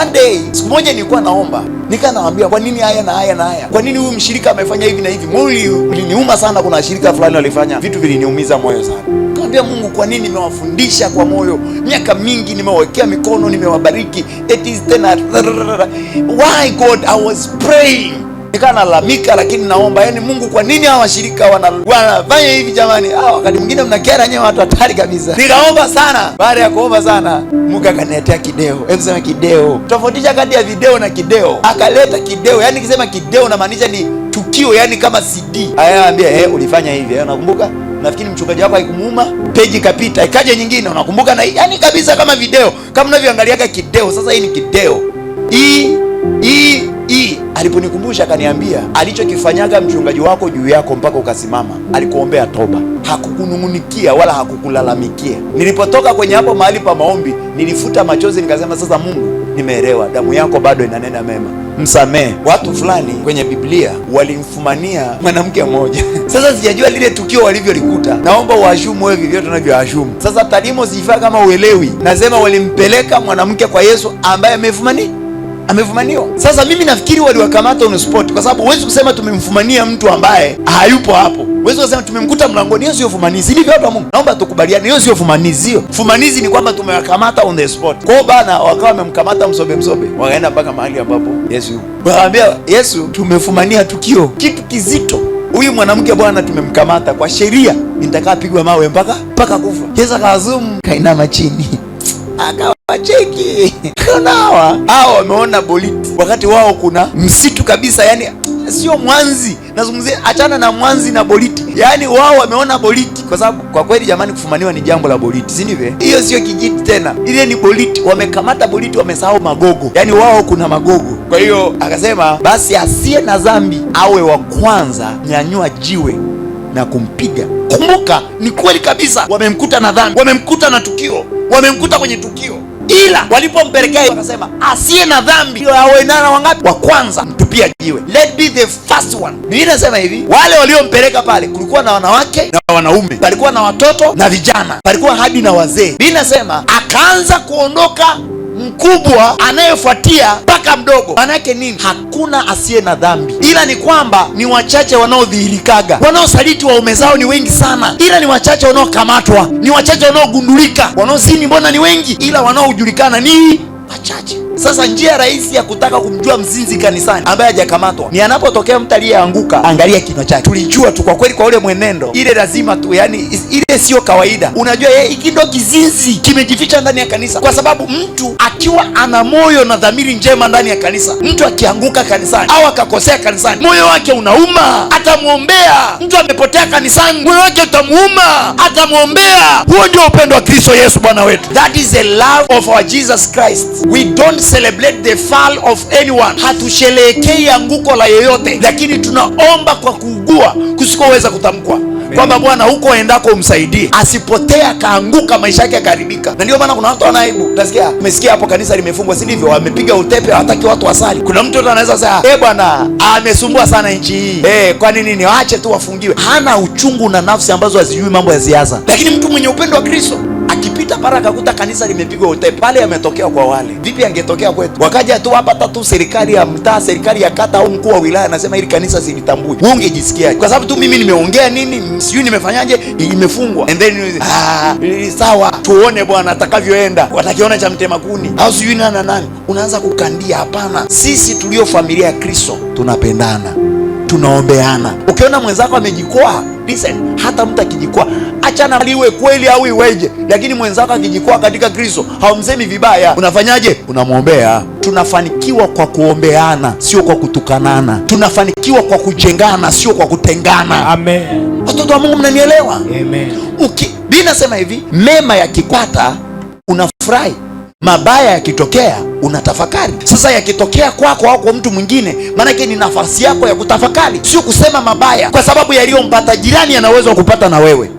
One day siku moja nilikuwa naomba, nika nawaambia, kwa nini haya na haya na haya? Kwa nini huyu mshirika amefanya hivi na hivi? Moyo uliniuma sana, kuna shirika fulani walifanya vitu viliniumiza moyo sana. Kaambia Mungu, kwa nini nimewafundisha kwa moyo miaka mingi, nimewawekea mikono, nimewabariki, eti tena why God, I was praying Nalalamika lakini naomba yani, Mungu, kwa nini hawa washirika wanafanya hivi jamani? Ah, wakati mwingine mnakera nyewe, watu hatari kabisa. Nikaomba sana, baada ya kuomba sana, Mungu akaniletea kideo. Hebu sema kideo, tofautisha kati ya video na kideo. Akaleta kideo, yani kisema kideo namaanisha ni tukio, yani kama CD. Ayaambia eh, ulifanya hivi eh, unakumbuka nafikiri mchungaji wako haikumuuma, peji kapita, ikaja nyingine, unakumbuka na yani kabisa kama video, kama unavyoangaliaga kideo. Sasa hii ni kideo hii hii Aliponikumbusha akaniambia alichokifanyaga mchungaji wako juu yako mpaka ukasimama, alikuombea toba, hakukunung'unikia wala hakukulalamikia. Nilipotoka kwenye hapo mahali pa maombi, nilifuta machozi nikasema, sasa Mungu, nimeelewa, damu yako bado inanena mema, msamehe. Watu fulani kwenye Biblia walimfumania mwanamke mmoja sasa sijajua lile tukio walivyolikuta, naomba uashumu wewe vivyo tunavyoashumu. Sasa talimo sifaa kama uelewi, nasema walimpeleka mwanamke kwa Yesu ambaye amefumania amefumaniwa. Sasa mimi nafikiri waliwakamata on spot, kwa sababu huwezi kusema tumemfumania mtu ambaye hayupo hapo. Huwezi kusema tumemkuta mlangoni, hiyo sio fumanizi. Hivi watu wa Mungu, naomba tukubaliane, hiyo sio fumanizi. Hiyo fumanizi ni kwamba tumewakamata on the spot kwao bana, wakawa wamemkamata msobe msobe, wakaenda mpaka mahali ambapo Yesu yupo, wakaambia Yesu, tumefumania tukio, kitu kizito huyu mwanamke bwana, tumemkamata kwa sheria, nitakaa pigwa mawe mpaka mpaka kufa. Yesu akazumu kainama chini akawa Cheki kanawa hawa wameona boliti, wakati wao kuna msitu kabisa, yani sio mwanzi. Nazungumzia achana na mwanzi na boliti, yani wao wameona boliti, kwa sababu kwa kweli jamani, kufumaniwa ni jambo la boliti, si ndivyo? Hiyo sio kijiti tena, ile ni boliti. Wamekamata boliti, wamesahau magogo, yani wao kuna magogo. Kwa hiyo akasema basi, asiye na dhambi awe wa kwanza nyanyua jiwe na kumpiga. Kumbuka ni kweli kabisa, wamemkuta na dhambi, wamemkuta na tukio, wamemkuta kwenye tukio ila walipompelekea akasema asiye na dhambi awe nana wangapi wa kwanza mtupia jiwe, let be the first one. Biblia inasema hivi, wale waliompeleka pale kulikuwa na wanawake na wanaume, palikuwa na watoto na vijana, palikuwa hadi na wazee. Biblia inasema akaanza kuondoka mkubwa anayefuatia mpaka mdogo. Maana yake nini? Hakuna asiye na dhambi, ila ni kwamba ni wachache wanaodhihirikaga. Wanaosaliti waume zao ni wengi sana, ila ni wachache wanaokamatwa, ni wachache wanaogundulika. Wanaozini mbona ni wengi, ila wanaojulikana ni wachache. Sasa njia rahisi ya kutaka kumjua mzinzi kanisani ambaye hajakamatwa ni anapotokea mtu aliyeanguka, angalia kinywa chake. Tulijua tu kwa kweli kwa ule mwenendo, ile lazima tu, yani ile sio kawaida. Unajua yeye hiki ndo kizinzi kimejificha ndani ya kanisa, kwa sababu mtu akiwa ana moyo na dhamiri njema ndani ya kanisa, mtu akianguka kanisani au akakosea kanisani, moyo wake unauma, atamwombea. Mtu amepotea kanisani, moyo wake utamuuma, atamwombea. Huo ndio upendo wa Kristo Yesu Bwana wetu. That is the love of our Jesus Christ. We don't celebrate the fall of anyone, hatusherehekei anguko la yeyote, lakini tunaomba kwa kuugua kusikoweza kutamkwa kwamba Bwana huko endako umsaidie, asipotee akaanguka, maisha yake akaharibika. Na ndio maana kuna watu wanaibu, utasikia umesikia hapo kanisa limefungwa, si ndivyo? Wamepiga utepe, hawataki watu wasali. Kuna mtu anaweza sema eh, bwana amesumbua sana nchi hii eh, kwa nini ni wache tu wafungiwe? Hana uchungu na nafsi ambazo hazijui mambo ya siasa, lakini mtu mwenye upendo wa Kristo mara akakuta kanisa limepigwa utepe pale. Yametokea kwa wale, vipi angetokea kwetu? Wakaja tu hapa, tatu, tu serikali ya mtaa, serikali ya kata au mkuu wa wilaya anasema hili kanisa silitambui, wewe ungejisikiaje? Kwa sababu tu mimi nimeongea nini, sijui nimefanyaje, imefungwa and then ah, eh, sawa, tuone Bwana atakavyoenda, watakiona cha mtema kuni au sijui nani na nani, unaanza kukandia. Hapana, sisi tulio familia ya Kristo tunapendana tunaombeana. Ukiona mwenzako amejikwaa, listen, hata mtu akijikwaa, achana liwe kweli au iweje, lakini mwenzako akijikwaa katika Kristo, haumsemi vibaya. Unafanyaje? Unamwombea. Tunafanikiwa kwa kuombeana, sio kwa kutukanana. Tunafanikiwa kwa kujengana, sio kwa kutengana. Amen. Watoto wa Mungu, mnanielewa? Amen. Uki, Biblia inasema hivi, mema yakikwata unafurahi Mabaya yakitokea unatafakari. Sasa yakitokea kwako au kwa mtu mwingine, maanake ni nafasi yako ya kutafakari, sio kusema mabaya, kwa sababu yaliyompata jirani yanaweza kupata na wewe.